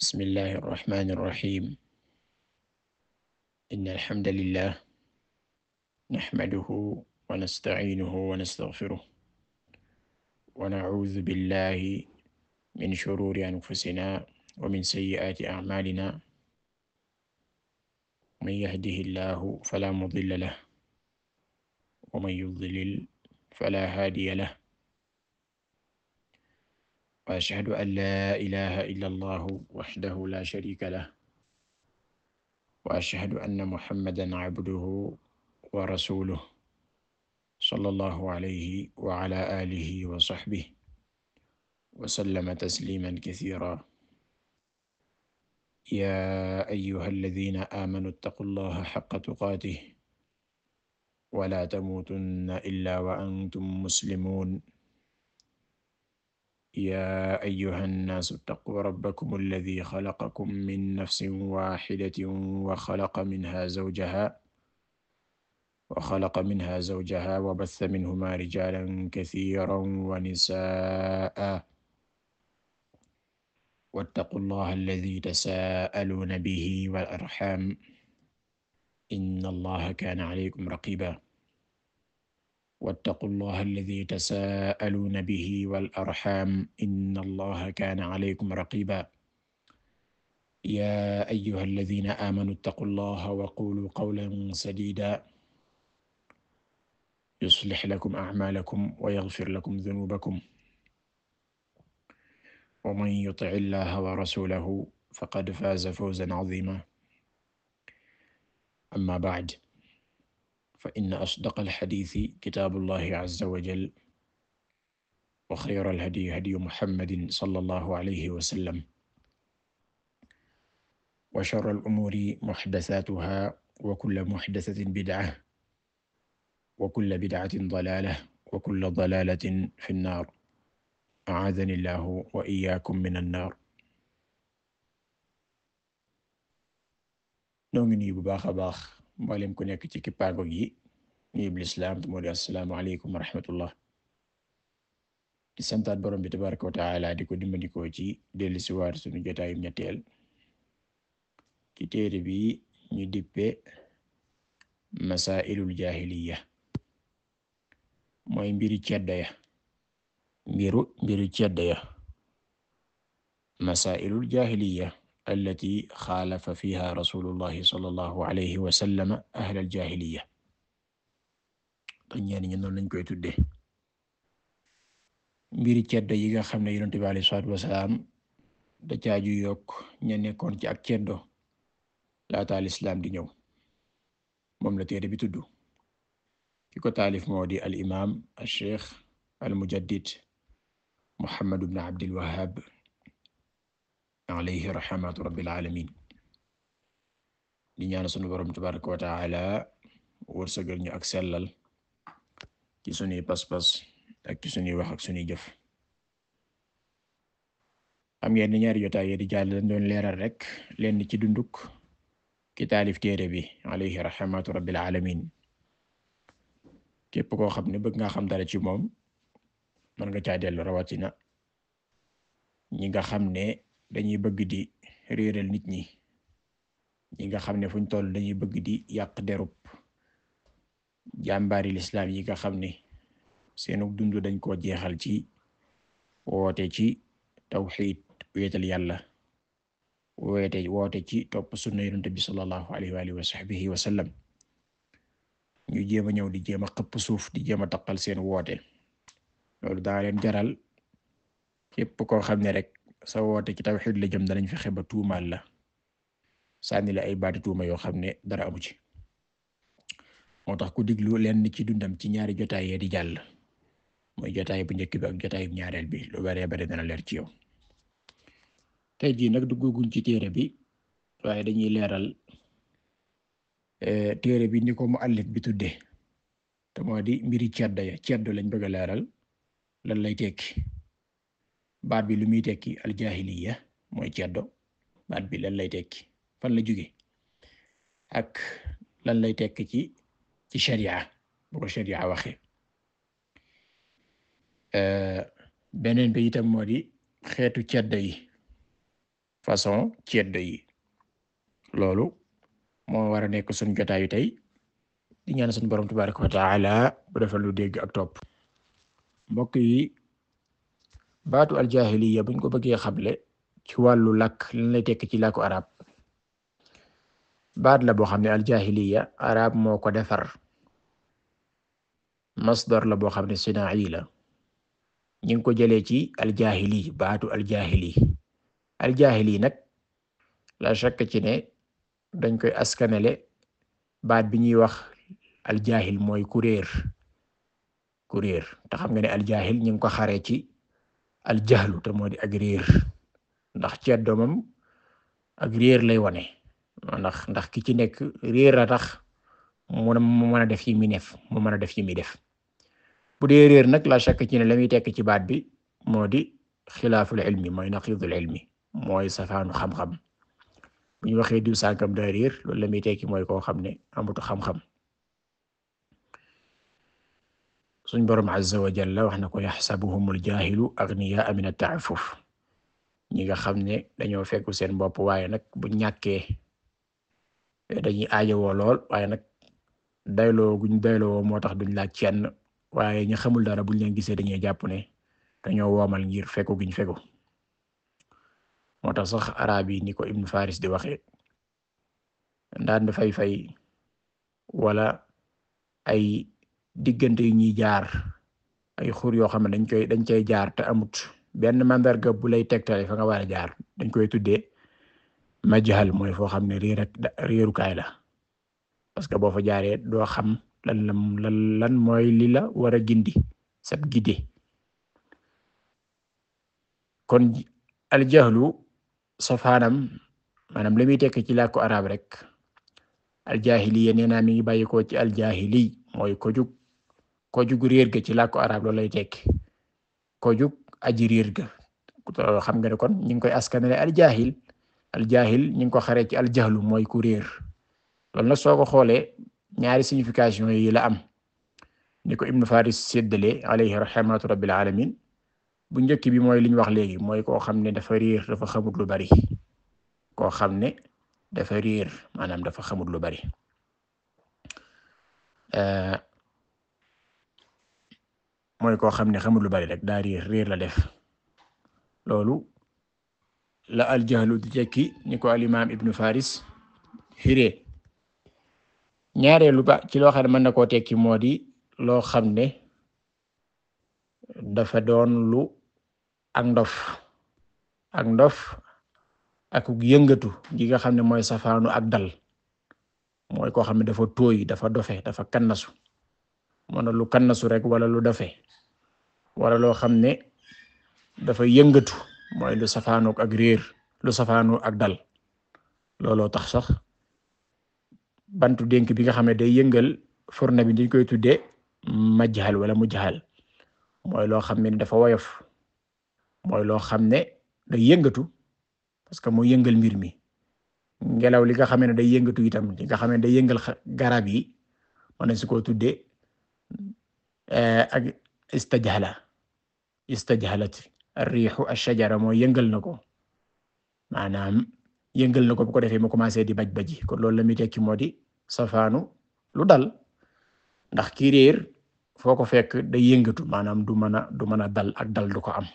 بسم الله الرحمن الرحيم إن الحمد لله نحمده ونستعينه ونستغفره ونعوذ بالله من شرور أنفسنا ومن سيئات أعمالنا من يهده الله فلا مضل له ومن يضلل فلا هادي له وأشهد أن لا إله إلا الله وحده لا شريك له وأشهد أن محمدا عبده ورسوله صلى الله عليه وعلى آله وصحبه وسلم تسليما كثيرا يا أيها الذين آمنوا اتقوا الله حق تقاته ولا تموتن إلا وأنتم مسلمون yaa ayyuhan naasu ittaquu rabbakum alladii xalaqakum min nafsin waaxidatin wa xalaqa minhaa zawjahaa wa xalaqa minhaa zawjahaa wa bassa minhumaa rijaalan kasiiran wa nisaa'an wattaquu llaaha allazii tasaa'aluuna bihi wal arxaam inna llaaha kaana aleykum raqiiba wattaqullaha alladi tasaaluuna bihi wal arxam inna allaha kaana alaykum raqiba yaa ayyuha alladina aamanu ittaqullaha wa qulu qawlan sadida yuslix lakum acmaalakum wa yaxfir lakum dunuubakum wa man yutic illaha wa rasulahu faqad faaza fawzan caziima amma bacd فإن أصدق الحديث كتاب الله عز وجل وخير الهدي هدي محمد صلى الله عليه وسلم وشر الأمور محدثاتها وكل محدثة بدعة وكل بدعة ضلالة وكل ضلالة في النار أعاذني الله وإياكم من النار noo ngi nuyu bu baax a baax mboolem ku nekk ci kippaango gi nuyu bi lislaam te moo di assalaamu aleykum wa rahmatullah di santaat borom tabaraka wa taala ko dimbandikoo ci dellu si waat sunu jotaayum ñetteel ci téere bi ñu dippe masailul jahiliya mooy mbiru cedda ya mbiru mbiru cedda ya masailul allati xaalafa fiha rasulullahi sallallahu alayhi wa sallam ahlal jaahiliya ñenn ñi noonu lañ koy tuddee mbiri ceddo yi nga xam ne yonent bi alayhi salaatu wasalaam da caaju yokk ña nekkoon ci ak ceddo laata lislaam di ñëw moom la téere bi tudd ki ko taalif moo di al imaam al cheikh Muhammad ibn Abdul alayhi rahmatu rabbil alamin di ñaan sunu borom tabaraka wa taala wërsëgal ñu ak sellal ci sunuy pas-pas ak ci sunuy wax ak sunuy jëf am ngeen ni ñaari jotaay yi di jàll dañ doon leeral rek leen ci dunduk ki taalif téere bi alayhi rahmatu rabbil alamin képp koo xam ne bëgg nga xam dara ci moom mën nga caa dellu ñi nga xam ne dañuy bëgg di réeral nit ñi ñi nga xam ne fuñ toll dañuy bëgg di yàq derub jàmbaari lislaam yi nga xam ne seenu dund dañ koo jeexal ci woote ci tawxiid wéetal yàlla woote woote ci topp sunna yonent bi sallallahu alayhi wa alihi wa sahbihi wa ñu jéem a ñëw di jéem a xëpp suuf di jéem a taqal seen woote loolu daa leen jaral képp ko xam ne rek sa woote ci tawxiid la jëm danañ fexe ba tuumaal la sànni la ay baati tuuma yoo xam ne dara amu ci moo tax ku diglu leen ci dundam ci ñaari jotaay yee di jàll mooy jotaay bu njëkk bi ak jotaay bu ñaareel bi lu bare bare dana leer ci yow tey jii nag dugguguñ ci téere bi waaye dañuy leeral eh, téere bi ni ko mu muallif bi tudde te moo di mbiri ceddo ya ceddo lañ bëgg a leeral lan lay tekki baat bi lu muy tekki aljahiliya mooy ceddo baat bi lan lay tekki fan la jóge ak lan lay tekki ci ci sharia bu sharia waxe euh, beneen bi itam moo di xeetu ceddo yi façon ceddo yi loolu moo war a nekk suñ jotaayu tey di ñaan suñ borom tabaraka wa taala bu defal lu dégg baatu aljahiliya buñ ko bëggee xamle ci wàllu làkk lan lay tekki ci làkku arab baat la boo xam ne aljahiliya arab moo ko defar masdar la boo xam ne sinaa'i la ñu ngi ko jëlee ci aljahili baatu aljahili aljahili nag la shakk ci ne dañ koy askanale baat bi ñuy wax aljahil mooy kuréer kuréer te xam nga ne aljahil ñu ngi ko xaree ci al jahlu te moo di ak ndax ceddo doomam ak réer lay wane ndax ndax ki ci nekk réer a tax mu mën a def yi mi neef mën a def yi mi def bu dee réer nag la shakk ci ne la muy tekk ci baat bi moo di xilaaful ilmi mooy naqidul ilmi mooy safaanu xam-xam bu ñu waxee diw sànkam daa réer loolu la muy tekki mooy koo xam ne amutu xam-xam suñ boroom azza wa jalla wax na ko yaxsabuhumul jaahilu agniyaa min at-ta'affuf ñi nga xam ne dañoo fekku seen bopp waaye nag bu ñàkkee dañuy aajowoo lool waaye nag dayloo guñ dayloo moo tax duñ laaj kenn waaye ñi xamul dara buñ leen gisee dañuy jàpp ne dañoo woomal ngir fekku giñ fekku moo tax sax arab yi ni ko Ibn Faris di waxee ndaan fay fay wala ay diggante yu ñuy jaar ay xur yoo xam ne dañ koy dañ cay jaar te amut benn mandarga bu lay tegtale fa nga war a jaar dañ koy tuddee majhal mooy foo xam ne réer ak la parce que boo fa jaaree doo xam lan lan lan mooy li la war a gindi sab gide kon aljahlu safaanam maanaam li muy tekk ci làkku arab rek aljahiliya nee naa mi ngi bàyyi ko ci aljahili mooy ko jug réer ga ci làkku arab loolu lay tekki ko jug aji réer ga loolu xam nga ne kon ñu ngi koy askanale aljaahil aljaahil ñu ngi ko xaree ci aljahlu mooy ku réer loolu nag soo ko xoolee ñaari signification yi la am ni ko Ibn Faris séddale alayhi rahmatu rabbil alamin bu njëkk bi mooy li ñu wax léegi mooy koo xam ne dafa réer dafa xamut lu bari koo xam ne dafa réer maanaam dafa xamut lu bari. mooy koo xam ne xamul lu bari rek daa réer la def loolu la aljahlu di tekki ni ko alimaam ibnu faris xiree ñaareelu ba ci loo xam ne mën na koo tekki moo di loo xam ne dafa doon lu ak ndof ak ndof ak yëngatu gi nga xam ne mooy safaanu ak dal mooy koo xam ne dafa tooy dafa dofe dafa kannasu mën lu kannasu rek wala lu dafe wala loo xam ne dafa yëngatu mooy lu safaanook ak réer lu safaanu ak dal looloo tax sax bantu dénk bi nga xam ne day yëngal furna bi dañ koy tuddee majhal wala mu jaal mooy loo xam ne dafa woyof mooy loo xam ne da yëngatu parce que moo yëngal mbir mi ngelaw li nga xam ne day yëngatu itam li nga xam ne day yëngal garab yi mën nañ si koo tuddee Eh, ak istajhala istajhalat riixu ashajara mooy yëngal na ko maanaam yëngal na ko bu ko defee mu commencé di baj baji kon loolu la muy tekki moo di safaanu lu dal ndax ki réer foo ko fekk day yëngatu maanaam du mën a du mën a dal ak dal du ko am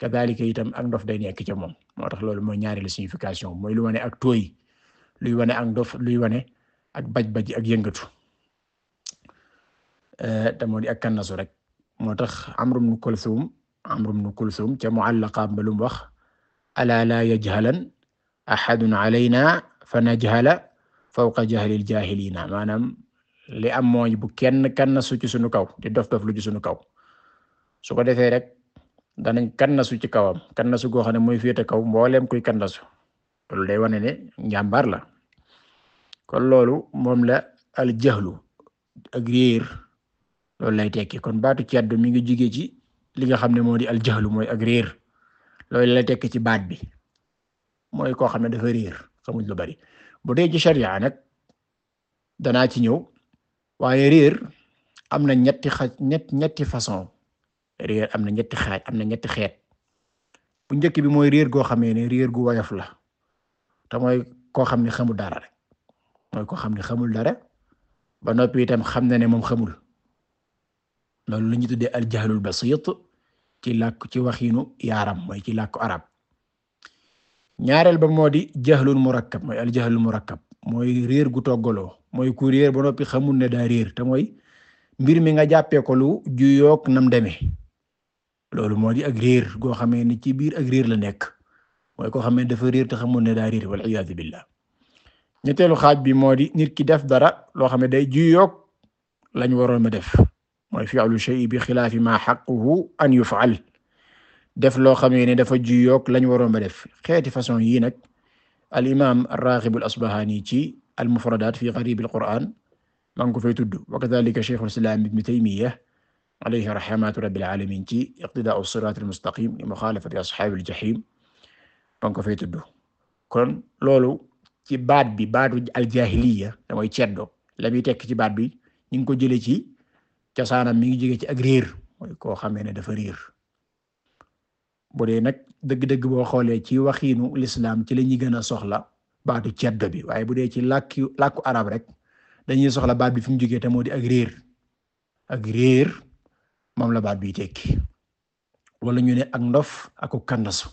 kadalika itam ak ndof day nekk ca moom moo tax loolu mooy ñaareelu signification mooy lu wane ak tooy luy wane ak ndof luy wane ak baj baji ak yëngatu Eh, te moo di kannasu rek moo tax Amru ibn Kulthum Amru ibn Kulthum ca mu'allaqa ba lu mu wax alaa laa yajhalan ahadun alaynaa fa najhala fawqa jahlil jaahiliina maanaam li am mooy bu kenn kannasu ci sunu kaw te dof dof lu ci sunu kaw su ko defee rek danañ kannasu ci kawam kannasu goo xam ne mooy féete kaw mbooleem kuy kannasu loolu day wane ne njàmbaar la kon loolu moom la al jahlu loolu lay tekki kon baatu ceddo mi ngi jugee ci li nga xam ne moo di aljahlu mooy ak réer loolu lay tekki ci baat bi mooy koo xam ne dafa réer xamuñ lu bari bu dee ci sharia nag danaa ci ñëw waaye réer am na ñetti ñetti façon am na ñetti xaaj am na ñetti xeet bu njëkk bi mooy riir goo xamee ne réer gu woyof la te mooy koo xam ne xamul dara rek mooy koo xam ne xamul dara ba noppi itam xam na ne moom xamul loolu la ñuy tuddee al jahlul basit ci làkk ci waxiinu yaaram mooy ci làkku arab ñaareel ba moo di jahlul murakkab mooy al jahlul murakkab mooy réer gu toggaloo mooy ku réer ba noppi xamul ne daa réer te mooy mbir mi nga jàppee ko lu juyoog nam deme loolu moo di ak réer goo ne ni ci biir ak réer la nekk mooy koo xamee dafa réer te xamul ne daa réer wal iyaadu billah ñetteelu xaaj bi moo di nit ki def dara loo xam ne day juyoog lañ waroon ma def mooy fi'lu shay bi xilaafi ma xaquhu an yuf'al def loo xamee ne dafa juyoog lañ waroon ba def xeeti façon yii nag al imaam ar-Raaghib al-Asbahaani ci al-mufradaat fi ghariib al-Qur'aan maa ngi ko fay tudd wa kadhaalika shaykhul islaam ibn Taymiyya alayhi rahmatu rabbil aalamiin ci iqtidaa'u as-siraat al-mustaqiim li mukhaalafati ashaabil jahiim maa ngi ko fay tudd kon loolu ci baat bi baatu al-jaahiliyya damay ceddo la muy tekk ci baat bi ñu ngi ko jëlee ci. cosaanam mi ngi jóge ci ak réer mooy koo xamee ne dafa réer bu dee nag dëgg-dëgg boo xoolee ci waxiinu lislaam ci la ñuy gën a soxla baatu ceddo bi waaye bu dee ci làkki làkku arab rek dañuy soxla baat bi fi mu jógee te moo di ak ak réer moom la baat biy tekki wala ñu ne ak ndof aku kandasu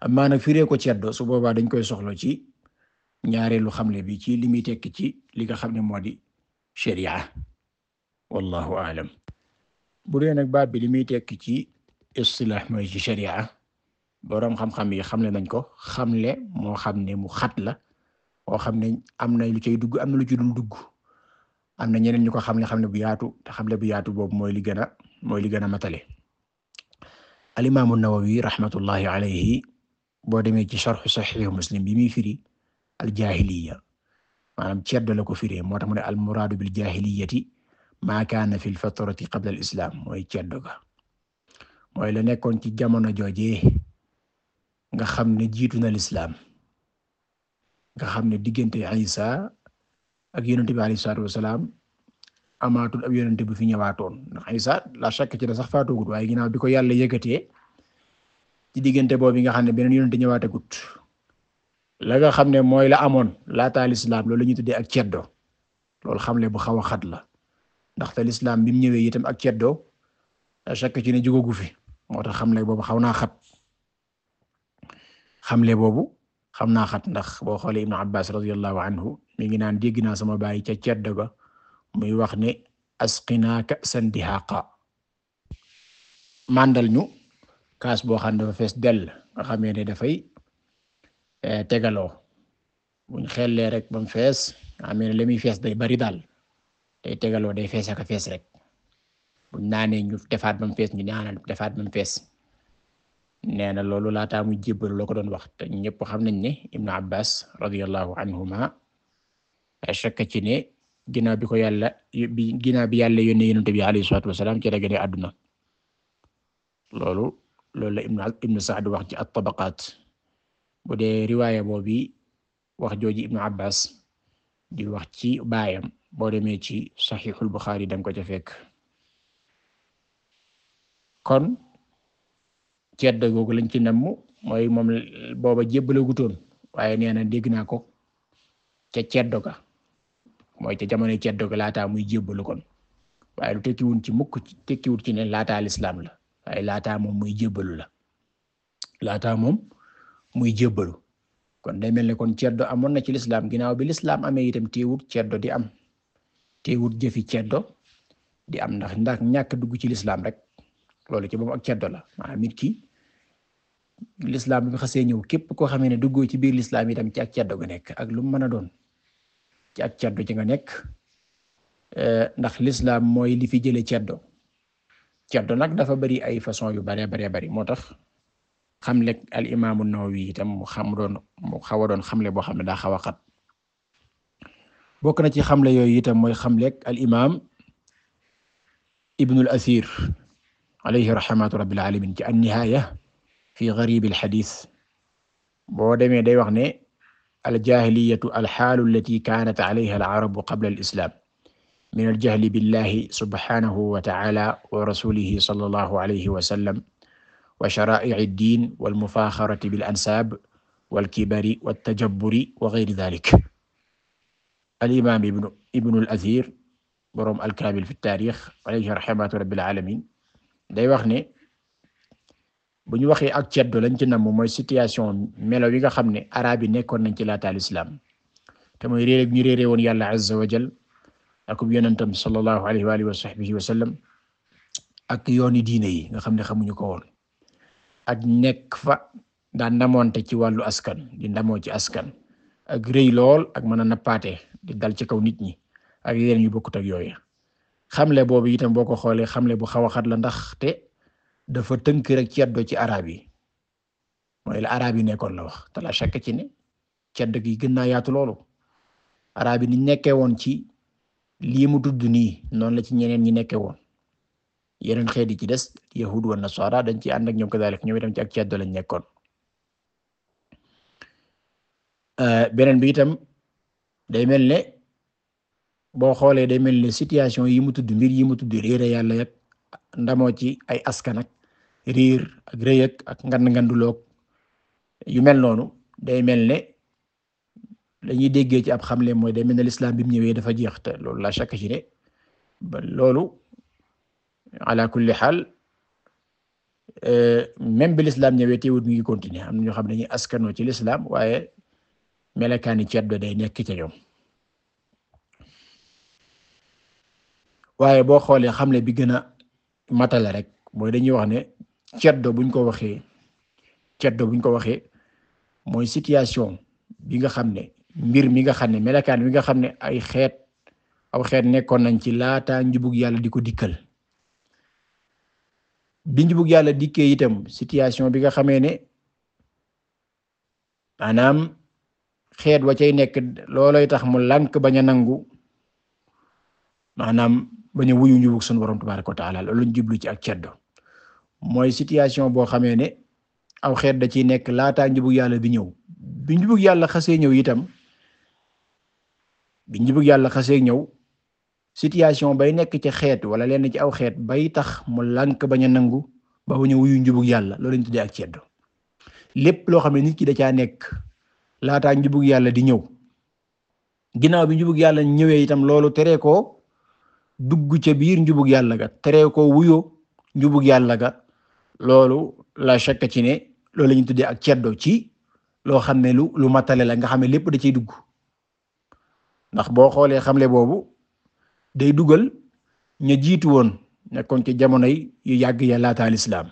amaa a firee ko ceddo su boobaa dañ koy soxla ci ñaareelu xamle bi ci li muy tekki ci li nga xam ne moo di sharia wallahu aalam bu dee nag baab bi li muy tekki ci istilah mooy ci sharia boroom xam-xam yi xamle nañ ko xam le moo xam ne mu xat la moo xam ne am na lu cay dugg am na lu ci dugg am na ñeneen ñu ko xam xamle bu yaatu te xamle bu yaatu boobu mooy li gën a mooy li gën a matale al imaamu Nawawi rahmatullahi alayhi boo demee ci sharh sahih muslim bi muy firi al jahiliya maanaam ceddo la ko firee moo tax mu ne al muraadu bil jahiliyati maa kaana fil fatrati qabla islam mooy ceddo ga mooy la nekkoon ci jamono jooje nga xam ne jiitu na lislaam nga xam ne diggante Isa ak yonent bi alayhi salaatu wasalaam amaatul ab yonent bu fi ñëwaatoon ndax Isa la chaque ci da sax faatoogut waaye ginaaw bi ko yàlla yëkkatee ci diggante boobu nga xam ne beneen yonent ñëwaategut la nga xam ne mooy la amoon laataa lislaam loolu la ñuy tuddee ak ceddo loolu le bu xaw a xat la. ndaxte lislaam bi mu ñëwee itam ak ceddoo chaque ci ne jugagu fi moo tax xamle boobu xaw naa xat xamle boobu xam naa xat ndax boo xoolee Ibnu Abbas radiyallahu anhu mi ngi naan dégg naa sama baay ca ceddo ga muy wax ne asqinaa ka'san dihaaqa mandal ñu kaas boo xam dafa fees del nga xamee ne dafay eh, tegaloo buñ xellee rek bam fees nga xamee fees day bari daal te eh, tegaloo day fees ak a fees rek buñ naanee defaat ba mu fees ñu ah, defaat ba mu nee na loolu laataa muy jébbalu la ko doon wax te ñëpp xam nañ ne Ibnu Abbas radiyallahu anhuma shakka ci ne ginnaaw bi ko yàlla bi ginnaaw bi yàlla yónnee yonent bi alayhi salaatu ci la a àdduna loolu loolu la Ibnu Ibnu Sa'd wax ci at-Tabaqaat bu dee riwaaya boobu wax jooji Ibnu Abbas di wax ci baayam. boo demee ci saxiixul Buxaari danga ko ca kon ceddo googu lañ ci namm mooy moom booba jébbalagutoon waaye nee na dégg naa ko ca ceddo ga mooy ca jamono ceddo ga laataa muy jébbalu kon waaye lu tekkiwul ci mukk tekkiwul ci ne laata lislaam la waaye laataa moom muy jébbalu la laataa moom muy jébbalu kon day mel ne kon ceddo amoon na ci lislaam ginnaaw bi lislaam amee itam téewut ceedo di am teewut jëfi ceddo di am ndax ndax ñàkk dugg ci lislaam rek loolu ci moom ak ceddo la maanaam nit ki lislaam bi xasee ñëw képp koo xamee ne duggoo ci biir lislaam itam ci ak ceddo nga nekk ak lu mu mën a doon ci ak ceddo ci nga nekk eh, ndax lislaam mooy li fi jële ceddo ceddo nag dafa bari ay façon yu bare bare bari moo tax xam xamle al imaamu Nawawi itam mu xam doon mu xaw a doon xamle boo xam ne daa xaw a xat bokk na ci xamle yooyu itam mooy xamleeg al imaam Ibnul Asiir alayhi rahmatu rabbil alamin ci an-nihaaya fi gharib al-hadith boo demee day wax ne al-jaahiliyatu al-haalu allati kaanat alayha al-arabu qabla al-islaam min al-jahli billahi subhaanahu wa ta'aala wa rasuulihi sallallahu alayhi wa sallam wa sharaa'i'i ad-diin wal mufaaxarati bil ansaab wal kibri wat tajabburi wa ghayri dhaalika al-imaam ibnu ibnul Asiir boroom al-Kaamil fi taarix alayhi rahmatu rabbil aalamiin day wax ne bu ñu waxee ak ceddo lañ ci namm mooy situation melo yi nga xam ne araab yi nekkoon nañ ci laataal islam te mooy réer ak ñu réeré woon yàlla azza wa jal ak yonentam sallallahu alayhi wa alihi wa yi nga xam ne xamuñu ko woon fa daan ndamoonte ci wàllu askan di ndamoo ci askan ak rëy lool ak mën nappaate di dal ci kaw nit ñi ak yeneen yu bokkut ak yooyu xamle boobu itam boo ko xoolee xamle bu xaw a xat la ndax te dafa tënk rek ceddo ci arab yi mooy la arab yi nekkoon la wax te la chaque ci ne ceddo gi gën naa yaatu loolu arab yi ni nekkee woon ci lii mu tudd nii noonu la ci ñeneen ñi nekkee woon yeneen xeet yi ci des yahud na nasara dañ ci ànd ak ñoom kadalik ñoom itam ci ak ceddo lañ nekkoon euh, beneen bi itam day mel ne boo xoolee day mel ne situation yi mu tudd mbir yi mu tudd réer yàlla yëpp ndamoo ci ay askan ak riir ak rëy ak ngand-nganduloog yu mel noonu day mel ne dañuy déggee ci xam le mooy day mel ne l'islam bi mu ñëwee dafa jeex te loolu la chaque ci ba loolu ala kulli xaal euh, même bi l'islam ñëwee teewut mi ngi continuer am na ñoo xam ne dañuy askanoo ci l'islam waaye melakaani ceddo day nekk ca ñoom waaye boo xoolee xamle bi gën a matale rek mooy dañuy wax ne ceddo buñ ko waxee ceddo buñ ko waxee mooy situation bi nga xam ne mbir mi nga xam ne melakaan bi nga xam ne ay xeet aw xeet nekkoon nañ ci laata njubug yàlla di ko dikkal bi njubug yàlla dikkee itam situation bi nga xamee ne maanaam xeet wa cay nekk loolay tax mu lank bañ a nangu maanaam baña wuyu njubug sunu borom tabaaraka wa taala loolu ñu jublu ci ak ceddo mooy situation boo xamee ne aw xeet da ciy nekk laataa njubug yàlla bi ñëw bi njubug yàlla xasee ñëw itam bi njubug yàlla xasee ñëw situation bay nekk ci xeet wala lenn ci aw xeet bay tax mu lank bañ a nangu ba bañ wuyu njubug yàlla lool lañ tuddee ak ceddo lépp loo xam nit ki da caa nekk. laataa njubug yàlla di ñëw ginnaaw bi njubug yàlla ñëwee itam loolu teree ko dugg ca biir njubug yàlla ga tere ko wuyo njubug yàlla ga loolu la chakka ci ne loolu la ñu tuddee ak ceddo ci loo xam ne lu lu matale la nga xam ne lépp da ciy dugg ndax boo xoolee xam le boobu day dugal ñu jiitu woon nekkoon ci jamonoy yu yàgg ya laata lislaam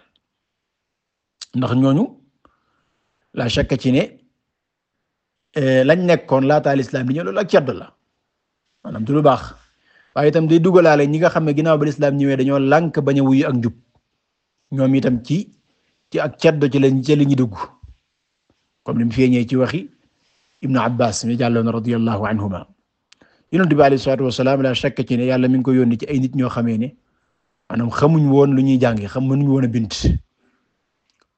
ndax ñooñu la chakka ci Eh, lañ nekkoon laataa lislaam li ñëw loolu ak cedd la maanaam du lu baax waaye itam day dugalaale ñi nga xam ne ginnaaw ba lislaam ñëwee dañoo lànk bañ a wuyu ak njub ñoom itam ci ci ak ceddo ci lañ ci li dugg comme ni mu feeñee ci waxi Ibnu Abbas mi jàlloon radiyallahu anhuma yonent bi alayhi salaatu wasalaam la shakk ci ne yàlla mi ngi ko yónni ci ay nit ñoo xamee ne maanaam xamuñ woon lu ñuy jàngi xam mënuñ woon a bind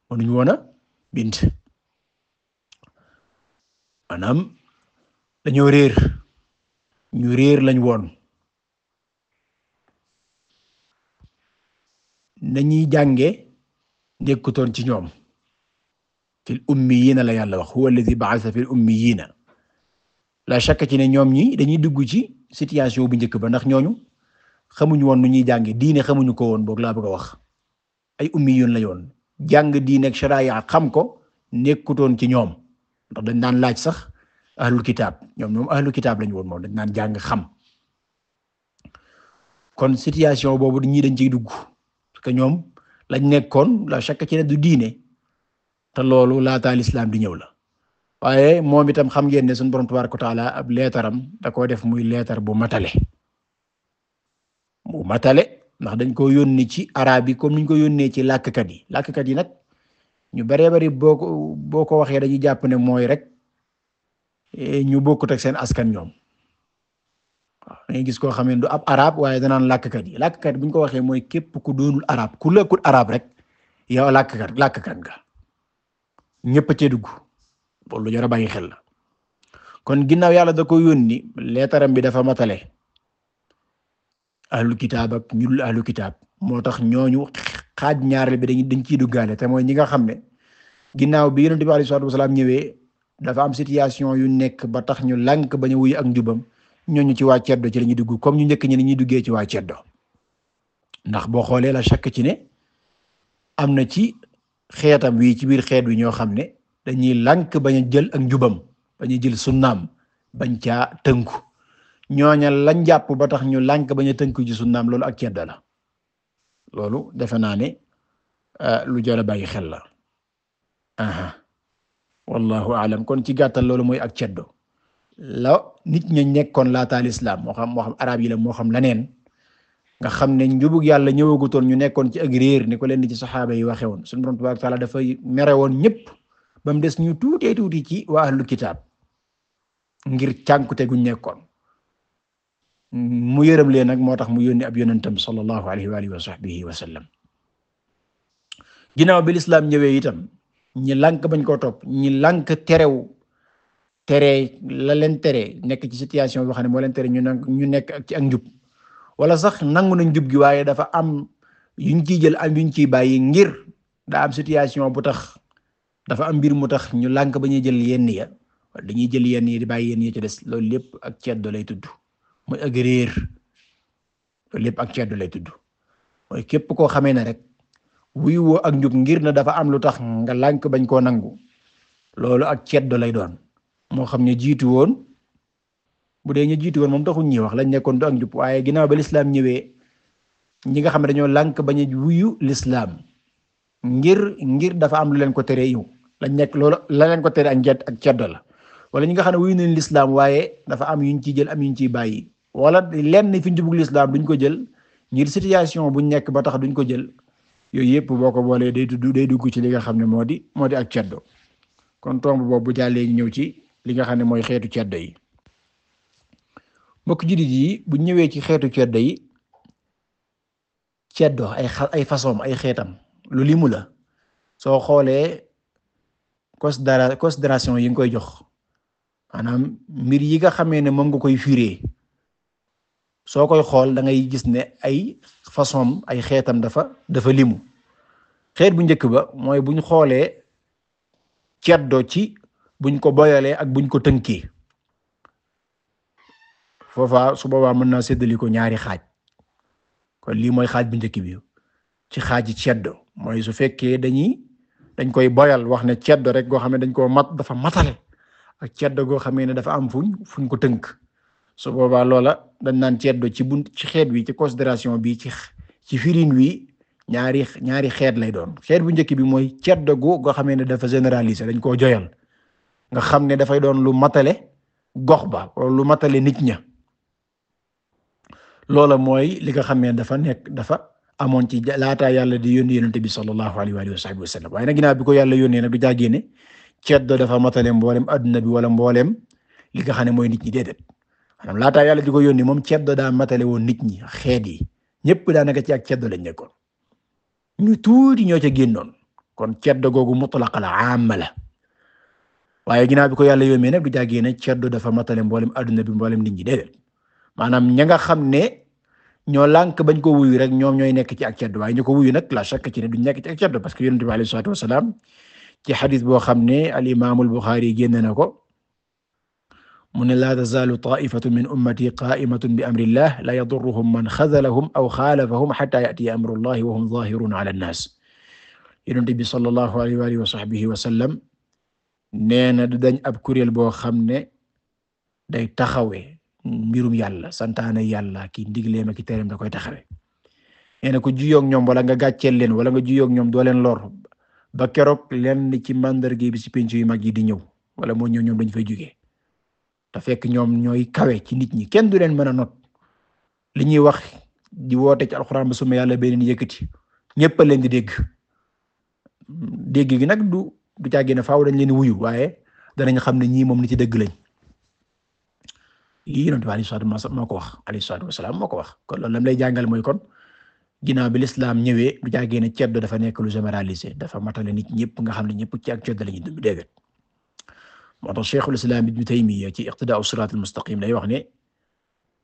mënuñ woon a bind maanaam dañoo réer ñu réer lañ woon na nañuy jànge nekkutoon ci ñoom fil ummiyiina la yàlla wax huwa alladi ba'atha fil ummiyiina la shakka ci ne ñoom ñi dañuy dugg ci situation bu njëkk ba ndax ñooñu xamuñ woon nu ñuy jànge diine xamuñu ko woon boog laa bëgg a wax ay ummiyuun la yoon jàng diine ak sharia xam ko nekkutoon ci ñoom ndax dañ daan laaj sax ahlul kitaab ñoom ñoom ahlul kitaab lañu woon moom dañ daan jàng xam kon situation boobu ñii dañ ciy dugg parce que ñoom lañ nekkoon la chaque ci ne du diine te loolu laataa lislaam di ñëw la waaye moom itam xam ngeen ne suñu borom tabaaraka wa taala ab leetaram da koo def muy leetar bu matale bu matale ndax dañ ko yónni ci araab yi comme niñ ko yónnee ci làkkat yi làkkat yi nag ñu baree bari boo ko boo ko waxee dañuy jàpp ne mooy rek eh, ñu bokkut ak seen askan ñoom waaw gis koo xam du ab arab waaye danaan làkkat yi làkkat bu ko waxee mooy képp ku doonul arab ku lëkkut araab rek yow làkkat làkkat nga ñëpp a cee dugg loolu lu jar a bàyyi xel kon ginnaaw yàlla da ko yónni leetaram bi dafa matale ahlu kitaab ak ñul ahlu kitaab moo tax ñooñu xaaj ñaareel bi dañ dañ ciy duggaale te mooy ñi nga xam ne ginnaaw bi yonent bi alayhi salaatu wasalaam ñëwee dafa am situation yu nekk ba tax ñu lank bañ a ak njubam ñooñu ci waa ceddo ci la ñuy dugg comme ñu njëkk ñi ni ñuy duggee ci waa ndax boo xoolee la chàkk ci ne am na ci xeetam wi ci biir xeet wi ñoo xam ne dañuy lànk bañ jël ak njubam bañ a jël sunnaam bañ caa tënku ñooña lañ jàpp ba tax ñu lank bañ a tënku ci sunnaam loolu ak ceddo la loolu defe naa ne ah, lu jar a bàyyi xel la aha wallahu alam kon ci gàttal loolu mooy ak ceddo la nit ña nekkoon laataal islam moo xam moo xam arab yi la moo xam laneen nga xam ne njubug yàlla ñëwagutoon ñu nekkoon ci ak réer ni ko leen ci saxaaba yi waxe woon suñu borom tabaaraka defa dafay mere woon ñëpp ba mu des ñu tuutee tuuti ci waa ahlul kitaab ngir cànkute guñ nekkoon mu yërëm leen nag moo tax mu yónni ab yonentam sallallahu alayhi wa sax wa sahbihi wa sallam ginnaaw bi lislaam ñëwee itam ñi lànk bañ koo topp ñi lànk terew tere la leen tere nekk ci situation boo xam ne moo leen tere ñu nank ñu nekk ak ci ak wala sax nangu nañ njub gi waaye dafa am yuñ ciy jël am yuñ ciy bàyyi ngir daa am situation bu tax dafa am mbir mu tax ñu lank ba ñuy jël yenn ya dañuy jël yenn yi di bàyyi yenn ya ci des loolu lépp ak ceddo lay tudd mooy ak réer loolu ak ceddu lay tudd mooy képp koo xamee ne rek wuy woo ak njub ngir na dafa am lu tax nga lank bañ koo nangu loolu ak ceddu lay doon moo xam ne jiitu woon bu dee ñu jiitu woon moom taxul ñuy wax lañ nekkoon du ak njub waaye ginnaaw ba lislaam ñëwee ñi nga xam ne dañoo lank bañ a wuyu lislaam ngir ngir dafa am lu leen ko tere yiw lañ nekk loolu la leen ko teree ak njedd ak ceddo la wala ñi nga xam ne wuyu nañ lislaam waaye dafa am yuñ ciy jël am yuñ ciy bàyyi wala lenn fi njubug lislaam duñ ko jël ngir situation buñ nekk ba tax duñ ko jël yooyu yëpp boo ko boolee day dugg day dugg ci li nga xam ne moo di moo di ak ceddo boobu bu jàllee ñëw ci li nga xam ne mooy xeetu ceddo yi mbokk jullit yi bu ñëwee ci xeetu ceddo yi ceddo ay façon ay xeetam lu limu la soo xoolee considération yi nga koy jox maanaam mbir yi nga xamee ne moom nga koy firee soo koy xool dangay gis ne ay façon ay xeetam dafa dafa limu xeet bu njëkk ba mooy buñ xoolee ceddo ci buñ ko boyalee ak buñ ko tënkee foofa su boobaa mën naa séddali ko ñaari xaaj kon lii mooy xaaj bu njëkk bi ci xaaji ceddo mooy su fekkee dañuy dañ koy boyal wax ne ceddo rek goo xam ne dañ koo mat dafa matale ak ceddo goo xamee ne dafa am fuñ fuñ ko tënk su boobaa loola dañ naan ceddo ci bunt ci xeet wi ci considération bi ci ci firin wi ñaari ñaari xeet lay doon xeet bu njëkk bi mooy ceddo gu nga xamee ne dafa généraliser dañ koo joyal nga xam ne dafay doon lu matale gox ba wala lu matale nit ña loola mooy li nga xam ne dafa nekk dafa amoon ci laataa yàlla di yónni yonent bi sallallahu alayhi wa sahbihi wa sallam waaye nag ginnaaw bi ko yàlla yónnee nag du jaagee ne ceddo dafa matale mboolem adduna bi wala mboolem li nga xam ne mooy nit ñi déedéet maanaam laataa yàlla di ko yónni moom ceddo da matale woon nit ñi xeet yi ñëpp daanaka ci ak ceddo lañ nekkoon ñu tuuti ñoo ca génnoon kon ceddo googu mutlaq la aam la waaye ginnaaw bi ko yàlla yónnee nag du jàggee ne ceddo dafa matale mboolem adduna bi mboolem nit ñi déedéet maanaam ña nga xam ne ñoo lànk bañ ko wuyu rek ñoom ñooy nekk ci ak ceddo waaye ñu ko wuyu na la shakk ci ne duñ nekk parce que yonent bi alayhi ci xadis boo xam ne al imaamul Buxaari génne na ko. mu ne laa tazaalu taa'ifatun min ummatii qaa'imatun bi amrillah laa yadurruhum man xazalahum aw xaalafahum xattaa ya'tiya amrullahi wa hum zaahiruuna ala nnaas Yonent bi sallallahu alayhi wa aalihi wa sahbihi wa sallam nee na du dañ ab kuréel boo xam ne day taxawee mbirum yàlla santaane yàlla ki ndigleem ak tereem da koy taxawee nee na ku juyoog ñoom wala nga gàcceel leen wala nga juyoog ñoom doo leen lor ba keroog lenn ci mandarga bi ci penc yu mag yi di ñëw wala moo ñëw ñoom dañ fay jóge te fekk ñoom ñooy kawe ci nit ñi kenn du leen mën a not li ñuy wax ji woote ci alxuraan ba suma yàlla beneen yëkkati ñëpp leen di dégg dégg gi nag du du caagee ne faaw dañ leen wuyu waaye danañ xam ne ñii moom ni ci dëgg lañ lii yonent bi alayhi salaatu moo wax alayhi salaatu wasalaam moo ko wax kon loolu lam lay jàngal mooy kon ginnaaw bi l'islam ñëwee du caagee ne ceddo dafa nekk lu généralisé dafa matale nit ñëpp nga xam ne ñëpp ci ak ceddo lañu dund déedéet moo tax cheikhul islam ibnu taymiya ci iqtidaa'u siraat al-mustaqim lay wax ne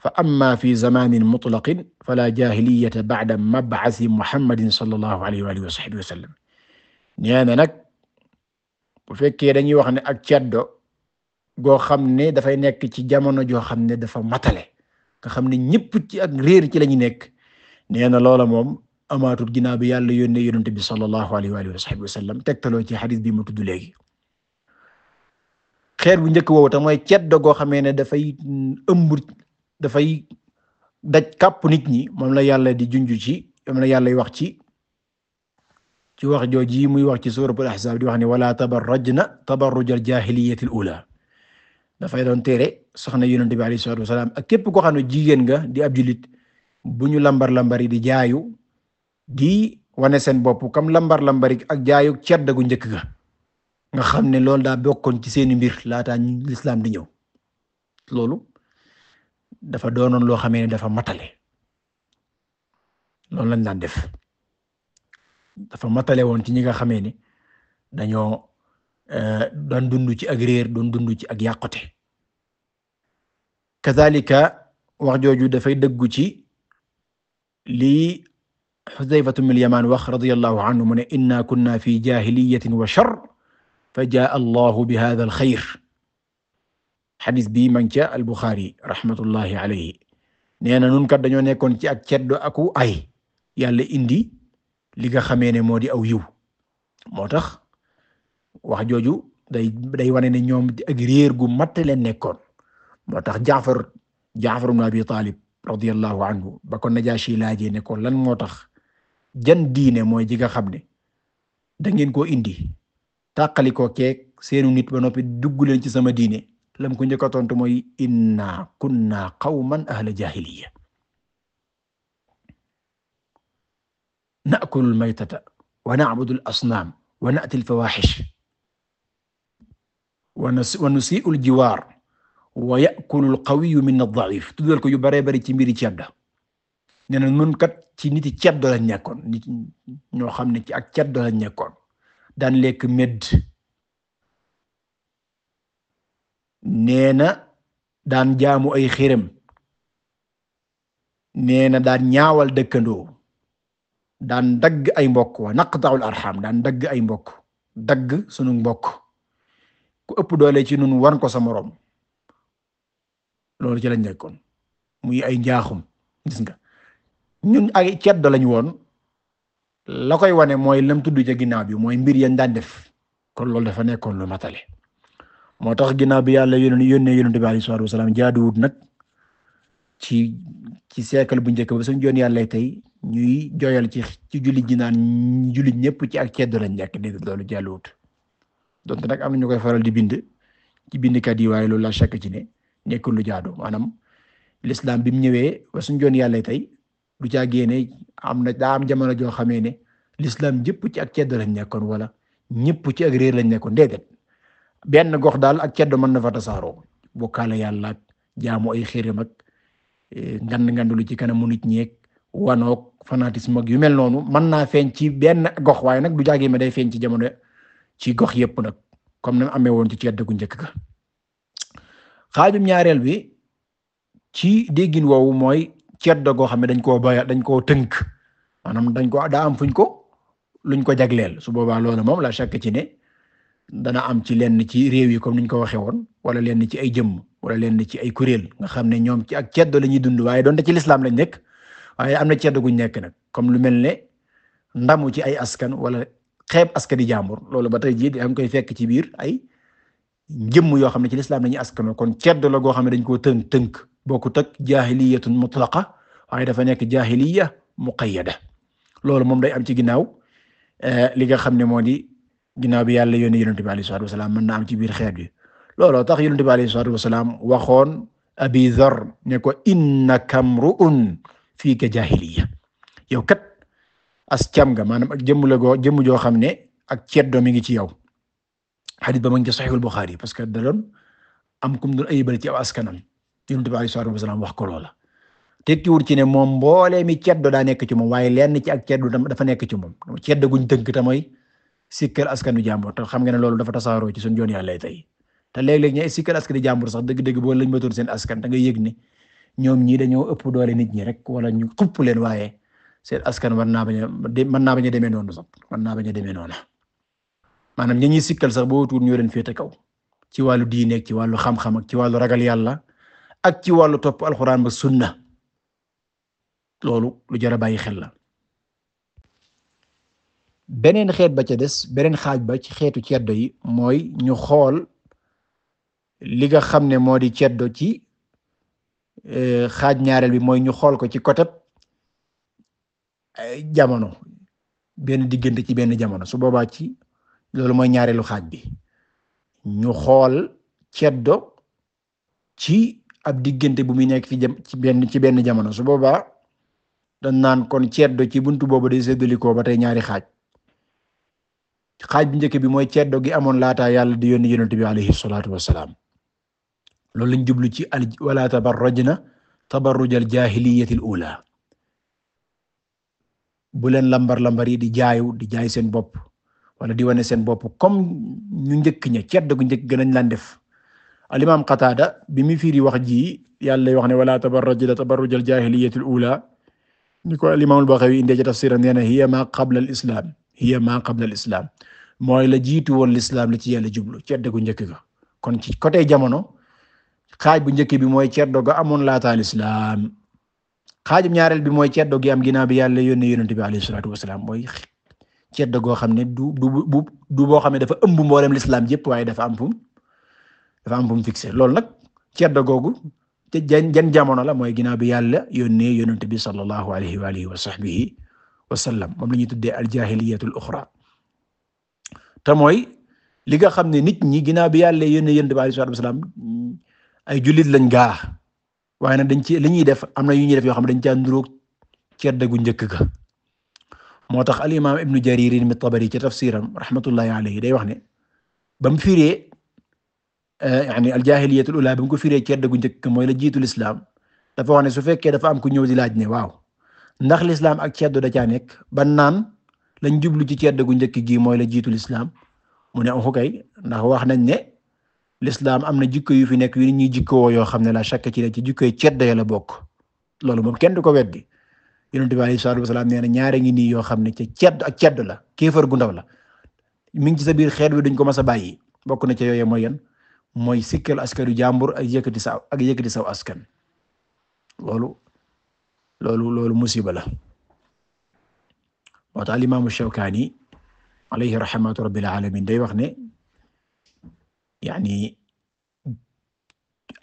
fa amma fi zamanin mutlaqin fala jahiliyata ba'da mab'athi muhammadin sallallahu alayhi wa alihi wa sahbihi wa sallam nee na nag bu fekkee dañuy wax ne ak ceddo goo xam ne dafay nekk ci jamono joo xam ne dafa matale nga xam ne ñëpp ci ak réer ci la ñu nekk nee na loola moom amaatul ginnaaw bi yàlla yónnee yonent bi sallallahu alayhi wa alihi wa sahbihi wa sallam tegtaloo ci xadis bi mu tudd léegi xeet bu njëkk woowu te mooy ceddo goo xamee ne dafay ëmb dafay daj kàpp nit ñi moom la yàlla di junj ci moom na yàlla wax ci ci wax jooji muy wax ci suuratul ahzaab di wax ni wala tabarrajna na al jaahiliyati al ula dafay doon téere soxna yonent bi alayhi salaatu wasalaam ak képp ko xam ne jigéen nga di ab julit bu ñu lambar lambari di jaayu di wane seen bopp comme lambar lambari ak jaayu ceddo gu njëkk ga nga xam ne loolu daa bokkoon ci seeni mbir laataa ñu lislaam di ñëw loolu dafa doonoon loo xamee ne dafa matale loolu lañ daan def dafa matale woon ci ñi nga xamee ne dañoo eh, doon dund ci ak réer doon dund ci ak yàqute kazalika wax jooju dafay dëggu ci lii Xudayfatu min Yamaan wax radiyallahu anhu mu ne inna kunna fi jaahiliyatin wa shar fa jaa allahu bi hada al xayr xadis bii ma ngi ca al Buxaari rahmatullahi alayhi nee na nun kat dañoo nekkoon ci ak ceddo aku ay yàlla indi li nga xamee ne moo di aw yiw moo tax wax jooju day day wane ne ñoom ak réer gu matt leen nekkoon moo tax Jaafar Jaafar ibn Abi Taalib radiyallahu anhu ba ko Najaashi laajee lan moo tax jan diine mooy ji nga xam ne indi tàqalikoo keeg seenu nit ba noppi dugg leen ci sama diine lam ko njëkk a tontu mooy inna kunna qawman ahla jahiliya naakulu almaytata wa na'budu al-asnaam wa na'ti al-fawaahish wa nusii'u al-jiwaar wa ya'kulu al-qawiyyu minna ad-da'iif tuddal ko yu baree bari ci mbiri cedda nee na nun kat ci niti ceddo lañ nekkoon nit ñoo xam ne ci ak ceddo lañ nekkoon daan lekk medd nee na daan jaamu ay xërëm nee na daan ñaawal dëkkandoo daan dagg ay mbokk wa taxul arham daan dagg ay mbokk dagg sunu mbokk ku ëpp doole ci nun wan ko sa moroom loolu ci lañ nekkoon muy ay njaaxum gis nga ñun ay ceddo lañ woon la koy wane mooy lam tudd ca ginnaaw bi mooy mbir yan daan def kon loolu dafa nekkoon lu matale moo tax ginnaaw bi yàlla yónnee yónnee yonent bi alayhi salaatu wasalaam jaaduwut nag ci ci siècle bu njëkk ba suñ joon yàlla tey ñuy jooyal ci ci jullit ji naan jullit ñëpp ci ak ceddo lañ nekk loolu jaaduwut donc nag am na ñu koy faral di bind ci bindkat yi waaye loolu la chàkk ci ne nekkul lu jaadu maanaam l'islam bi mu ñëwee ba suñ joon yàlla tey du caa génne am na daa am jamono joo xamee ne l'islam jëpp ci ak cedd lañ nekkoon wala ñëpp ci ak réer lañ nekkoon déedéet benn gox daal ak cedd mën na fa tasaaroo bokkaale yàlla ak jaamu ay xirim ak e, ngand ngand lu ci kanamu nit ñeeg wanoog fanatisme ak yu mel noonu mën naa feeñ ci benn gox waaye nag du jaagee day feeñ ci jamono ci gox yëpp nag comme nam amee woon ci cedd gu njëkk ga xaajum ñaareel bi ci déggin woowu mooy ceddo goo xam ne dañ koo baya dañ koo tënk maanaam dañ ko daa am fuñ ko luñ ko jagleel su boobaa loolu moom la chaque ci ne dana am ci lenn ci réew yi comme niñ ko waxee woon wala lenn ci ay jëmm wala lenn ci ay kuréel nga xam ne ñoom ci ak ceddo la ñuy dund waaye donte ci lislaam lañ nekk waaye am na ceddo guñ nekk nag comme lu mel ne ndamu ci ay askan wala xeeb askani jàmbur loolu ba tey jii da koy fekk ci biir ay jëmm yoo xam ne ci lislaam lañuy askano kon ceddo la goo xam ne dañ koo tënk tënk bokkut ak jaahiliyatun mutlaqa waaye dafa nekk jaahiliya muqayyada loolu moom day am ci ginnaaw eh, li nga xam ne moo di ginnaaw bi yàlla yónni yonent bi alayhi salaatu wasalaam mën na am ci biir xeet bi looloo tax yonent bi alayhi salaatu wasalaam waxoon Abi Dharr ne ko innaka mru'un fiika jaahiliya kat as cam nga maanaam ak jëmm la jëmm joo xam ne ak ceddo mi ngi ci yow xadis ba mu ngi ci Sahihul Bukhari parce que da am kum doon ayibal ci aw askanam yonent bi alayhi salaatu wasalaam wax ko loola tekkiwul ci ne moom mboolee mi ceddo daa nekk ci moom waaye lenn ci ak ceddo dafa nekk ci moom ceddo guñ tënk te mooy sikkal askanu jàmbur te xam nga ne loolu dafa tasaaroo ci suñu joon yàlla tey te léeg-léeg ñooy sikkal askanu sax dëgg-dëgg boo lañ matoon seen askan da nga yëg ne ñoom ñii dañoo ëpp doole nit ñi rek wala ñu xupp leen waaye seen askan war naa bañ a mën naa bañ a demee noonu sax war naa bañ demee noonu maanaam ñi ñuy sikkal sax boo tuut ñoo leen féete kaw ci wàllu diine ak ci wàllu xam-xam ak ci wàllu ragal yàlla ak ci wàllu topp alxuraan ba sunna loolu lu jar a bàyyi xel la beneen xeet ba ca des beneen xaaj ba ci xeetu ceddo yi mooy ñu xool li nga xam ne moo di ceddo ci e, xaaj ñaareel bi mooy ñu xool ko ci côté e, jamono benn diggante ci benn jamono su boobaa ci loolu mooy ñaareelu xaaj bi ñu xool ceddo ci ab diggante bu muy nekk fi jëm ci benn ci benn jamono su boobaa dañ naan kon ceddo ci buntu boobu day séddalikoo ba tey ñaari xaaj xaaj bu njëkk bi mooy ceddo gi amoon laataa yàlla di yónni yonent bi alayhi salaatu wassalaam loolu lañ jublu ci al wala tabarrajna tabarruj al jaahiliyati al ula bu leen lambar lambar yi di jaayu di jaay seen bopp wala di wane seen bopp comme ñu njëkk ña ceddo gu njëkk gën nañ laan def alimaam Qataada bi mu fiiri wax ji yàlla wax ne wala tabarrajna tabarrujal jaahiliyyatil uulaa ni ko alimaam al-Baghawi indee ci tafsiram nee na hiya maa qabla al-islaam hiya maa qabla al-islaam mooy la jiitu woon lislaam la ci yàlla jublu ceddo gu njëkk ga kon ci côté jamono xaaj bu njëkk bi mooy ceddo ga amoon laataa lislaam xaajum ñaareel bi mooy ceddo gi am ginnaaw bi yàlla yónnee yonent bi alayhi salaatu wasalaam mooy ceddo go xam ne du boo xam ne dafa ëmb mboolem lislaam yépp waaye dafa am fu dafa am bu mu fixé loolu nag ceddo googu te jan jan jamono la mooy ginnaaw bi yàlla yónnee yonent bi sallallahu alayhi wa alihi wa sahbihi wa sallam moom la ñuy tuddee aljahiliyatul uxra te mooy li xam ne nit ñi ginnaaw bi yàlla yónnee yonent bi sallallahu wa sallam ay jullit lañ gaa waaye nag dañ ci li ñuy def am na yu ñuy def yoo xam ne dañ caa nduróog ceddo gu njëkk moo tax al imaam ibnu jarir mi tabari ci tafsiram rahmatullahi alayhi day wax ne bam firee Eh, yani aljaahiliyatul ula bi mu ko firee ceddo gu njëkk mooy la jiitu lislaam dafa wax ne su fekkee dafa am ku ñëw di laaj ne waaw ndax lislaam ak ceddo da caa nekk ba naan lañ jublu ci ceddo gu njëkk gii mooy la jiitu lislaam mu ne oxu oh, kay ndax wax nañ ne lislaam am na jikko yu fi nekk yu ñuy jikkoo yoo xam ne la chàkk ci la ci jikkoy ceddo ya la bokk loolu moom kenn du ko weddi yonent bi alayhi salaatu nee na ñaare yoo xam ne ca cedd ak cedd la kéefar gu ndaw la mi ngi ci sa biir xeet wi duñ ko mas a bàyyi bokk na ca yooye mooy yan mooy sikkal askanu jàmbur ak yëkkati sa ak yëkkati saw askan loolu loolu loolu musiba la moo tax Imaamu Shawkaani alayhi rahmatu rabbil alamin day wax ne yaani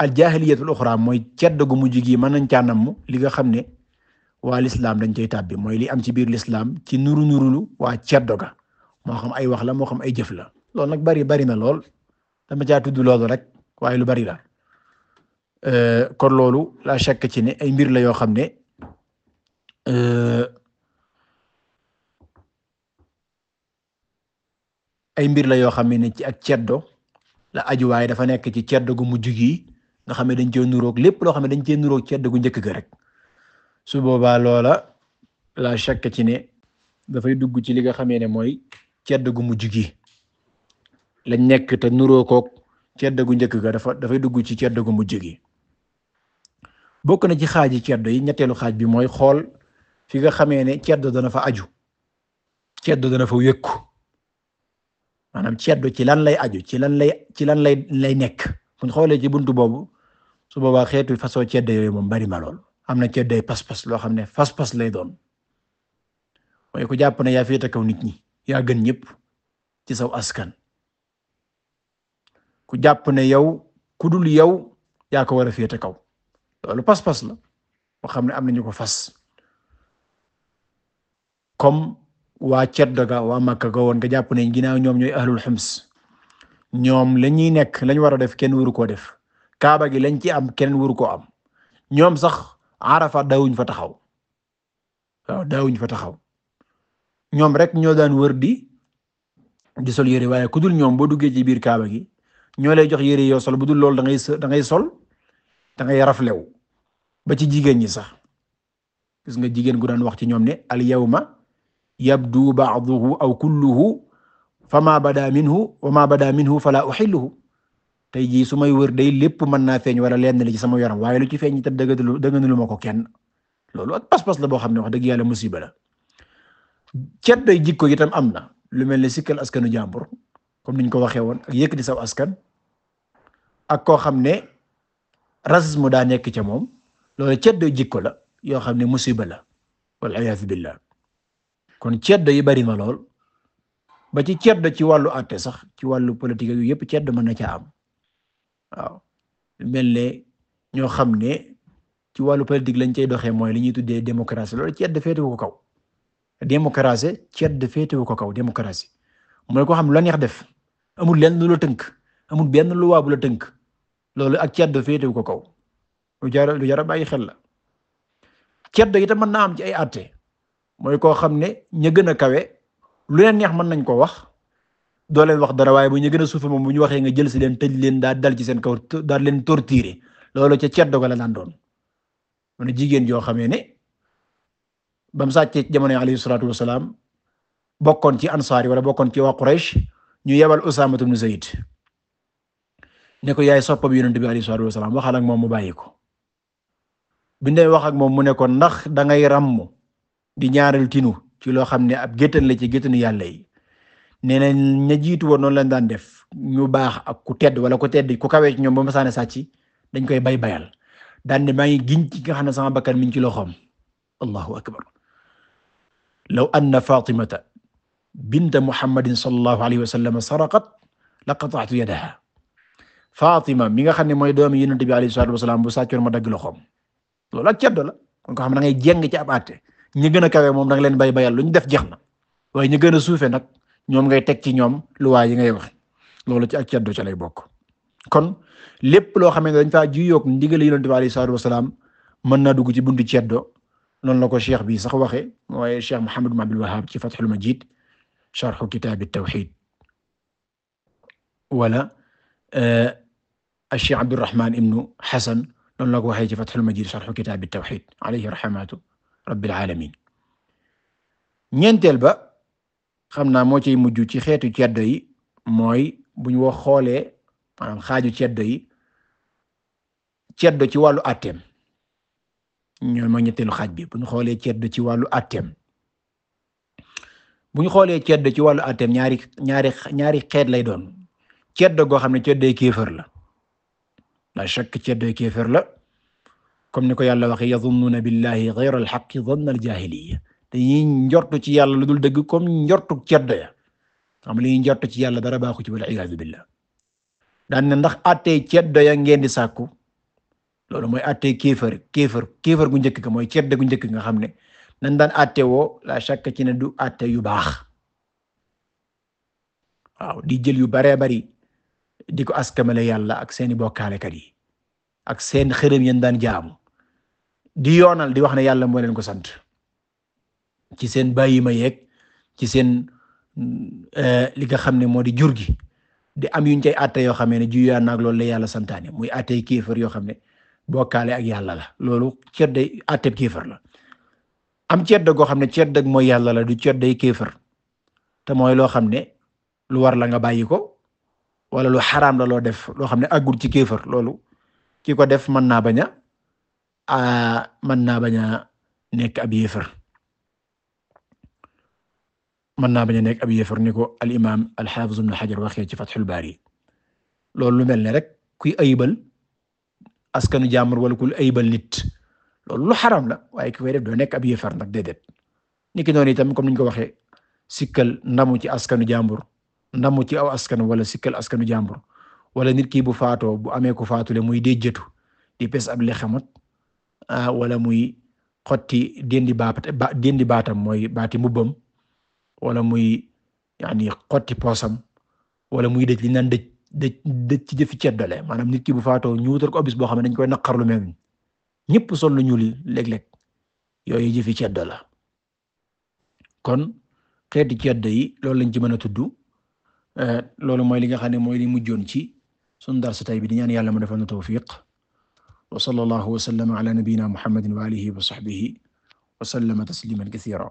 al jaahiliyatul uxra mooy cedd gu mujj gi mën nañ caa li nga xam ne waa lislaam dañ cay tàbbi mooy li am ci biir lislaam ci nuru nurulu waa ceddo ga moo xam ay wax la moo xam ay jëf la loolu nag bari bari na lool dama caa tudd loolu rek waaye lu bari la euh, kon loolu la chàkk ci ne ay mbir la yoo xam ne euh, ay mbir la yoo xam ne ci ak ceddo la aju waaye dafa nekk ci ceddo gu mujj gi nga xam ne dañ cee nuroog lépp loo xam ne dañ cee nuroog ceddo gu njëkk ga rek su boobaa loola la chàkk ci ne dafay dugg ci li nga xamee ne mooy ceddo gu mujj gi. lañ nekk te nuroo koog ceddo gu njëkk ga dafa dafay dugg ci ceddo gu mujj gi bokk na ci xaaji ceddo yi ñetteelu xaaj bi mooy xool fi nga xamee ne ceddo dana fa aju ceddo dana fa wékku maanaam ceddo ci lan lay aju ci lan lay ci lan lay lay nekk buñ xoolee ci buntu boobu su boobaa xeetu façon ceddo yooyu moom bari ma lool am na ceed ceddoy pas-pas loo xam ne pas-pas lay doon mooy ku jàpp na yaa féete kaw nit ñi yaa gën ñëpp ci saw askan ku jàpp ne yow ku dul yow yaa ko war a féete pas-pas la boo xam ne am nañu ko fas comme waa ceddo ga waa Makka ga woon nga jàpp ne ginnaaw ñoom ñooy ahlul xums ñoom la ñuy nekk lañ war a def kenn waru koo def kaaba gi lañ ci am kenn waru koo am ñoom sax Arafa daawuñ fa taxaw waaw daawuñ fa taxaw ñoom rek ñoo daan wër di di sol yére waaye ku dul gi ñoo lay jox yére yoo sol bu dul loolu da ngay da ngay sol da ngay raflew ba ci jigéen ñi sax gis nga jigéen gu daan wax ci ñoom ne al yawma yabdu ba'duhu aw kulluhu fama bada minhu wa ma bada minhu fala uhilluhu tey jii su may wër day lépp mën naa feeñ wala lenn li ci sama yaram waaye lu ci feeñ itam dëgg nu ma ko kenn loolu ak pas-pas la boo xam ne wax dëgg yàlla musiba la cet day jikko itam am na lu mel ne sikkal askanu jàmbur comme niñ ko waxee woon ak yëkkati saw askan ak koo xam ne racisme daa nekk ca moom loolu ceddo jikko la yoo xam ne musiba la wal iyaazu billah kon ceddo yi bari na lool ba ci ceddo ci wàllu àtte sax ci wàllu politique yu yëpp ceddo mën na caa am waaw mel ne ñoo xam ne ci wàllu politique lañ cay doxee mooy li ñuy tuddee démocratie lool ceddo féetewu ko kaw démocratie ceddo féetewu ko kaw démocratie mooy ko xam lu la neex def amul leen lu la tënk amul benn luwaa la tënk loolu ak ceddo féetewu ko kaw lu jar lu jar bàyyi xel la ceddo itam mën naa am ci ay àtte mooy koo xam ne ña gën a kawe lu leen neex mën nañ koo wax doo leen wax dara waaye bu ñu gën a suufe moom bu ñu waxee nga jël si leen tëj leen daa dal ci seen kaw daal leen torturer loolo ca ceddo ga la daan doon moo ne jigéen joo xamee ne bam sàccee ci jamono alayhi salaatu wasalaam bokkoon ci ansaar yi wala bokkoon ci waa Quraysh ñu yebal Usaama ibn Zayd ne ko yaay soppam Yonent bi alayhi salaatu wasalaam waxal ak moom mu bàyyi ko biñ dee wax ak moom mu nekkoon ndax dangay ngay ràmm di ñaareel tinu ci loo xam ne ab géttan la ci géttanu yàlla yi nee na ña jiitu woon noonu lañ daan def ñu baax ak ku tedd wala ku tedd ku kawee ci ñoom ba ma saane sàcc dañ koy bay bayal daan ne maa ngi giñ ci nga xam ne sama bakkan mi ci loxoom allahu akbar law anna Fatimata binta muhammadin sallallahu alayhi wa sallam saraqat laqata'tu yadaha Fatima mi nga xam ne mooy doomi yonent bi alayhi salaatu wasalaam bu sàccoon ma dagg loxoom loolu ak ceddo la kon ko xam da ngay jéng ci ab àtte ñi gën a kawe moom da leen bay bayal lu ñu def jeex na waaye ñi gën a suufe nag ñoom ngay teg ci ñoom luwaa yi ngay wax loolu ci ak ceddo ca lay bokk kon lépp loo xam ne dañ faa jiyoog ndigal yonent bi alayhi salaatu wasalaam mën na dugg ci buntu ceddo noonu la ko cheikh bi sax waxe waaye cheikh Muhammad ibn Abdul Wahhab ci Fathul sharxu kitaabi tawxiid wala Cheikh Abdurrahman ibnu Xasan loon la ko waxee ci Fatxul Majiid sharxu kitaabi tawxiid alayhi raxmatu rabbil aalamiin ñeenteel ba xam naa moo ciy mujj ci xeetu ceddo yi mooy buñ wax xoolee maanaam xaaju ceddo yi ceddo ci wàllu atteem ñooy ma ñetteelu xaaj bi buñ xoolee ceddo ci wàllu atteem bu ñu xoolee ceddo ci wàllu ate ñaari ñaari ñaari xeet lay doon ceddo goo xam ne ceddoy kéefër la la shakk ceddoy kéefër la comme ni ko yàlla waxe yazunnuuna billahi ghayra alxaqi zanna aljaahiliya dañuy njortu ci yàlla lu dëgg comme njortu ceddo ya xam li ñuy njortu ci yàlla dara baaxu ci wal iyaadu billah daan ne ndax àttee ceddo ya ngeen di sàkku loolu mooy ate kéefër kéefër kéefër gu njëkk ga mooy ceddo gu njëkk nga xam ne nañ daan attewoo la chaque ci ne du atte yu baax waaw di jël yu baree bari di ko askamale yàlla ak seeni bokkaalekat yi ak seen xërëm yeen daan jaamu di yoonal di wax ne yàlla moo leen ko sant ci seen bàyyi ma yeeg ci seen eh, li nga xam ne moo di jur gi di am yuñ cay atte yoo xamee ne juyaan naag loolu la yàlla santaane muy atte kéefar yoo xam ne bokkaale ak yàlla la loolu cër day atte kéefar la am ceddo goo xam ne ceddo mooy yàlla la du ceddoy kéefër te mooy loo xam ne lu war la nga bàyyi ko wala lu xaraam la loo def loo xam ne àggul ci kéefër loolu ki ko def man naa baña a mën naa bañ nekk ab yéefër mën naa bañ nekk ab yéefër ni ko al imaam al xaafiz ibn xajar waxee ci Fathul Baari loolu lu mel ne rek kuy ayibal askanu jàmbur wala ku ayibal nit loolu lu xaram la waaye ki koy doo nekk ab yéefar nag déedéet ni ki noonu itam comme ni ko waxee sikkal ndamu ci askanu jàmbur ndamu ci aw askan wala sikkal askanu jàmbur wala nit ki bu faatoo bu amee ko faatule muy déjjatu di pes ab lexamat wala muy xotti dendi baat dendi baatam mooy baati mbubbam wala muy yaani xotti poosam wala muy dëj li naan dëj dëj dëj ci jëfi ceddale maanaam nit ki bu faatoo ñuutal ko abis boo xam ne dañ koy naqarlu mel ñëpp sol lu ñuul léeg-léeg yooyu jëfi ceddo la kon xeeti ceddo yi loolu lañ ci mën a tudd eh, loolu mooy li nga xam ne mooy li mujjoon ci sunu darsu tay bi di ñaan yàlla mu defal na tawfiq wa sallallahu wa sallama ala nabiyyina muhammadin wa alihi wa sahbihi wa sallama tasliman kathira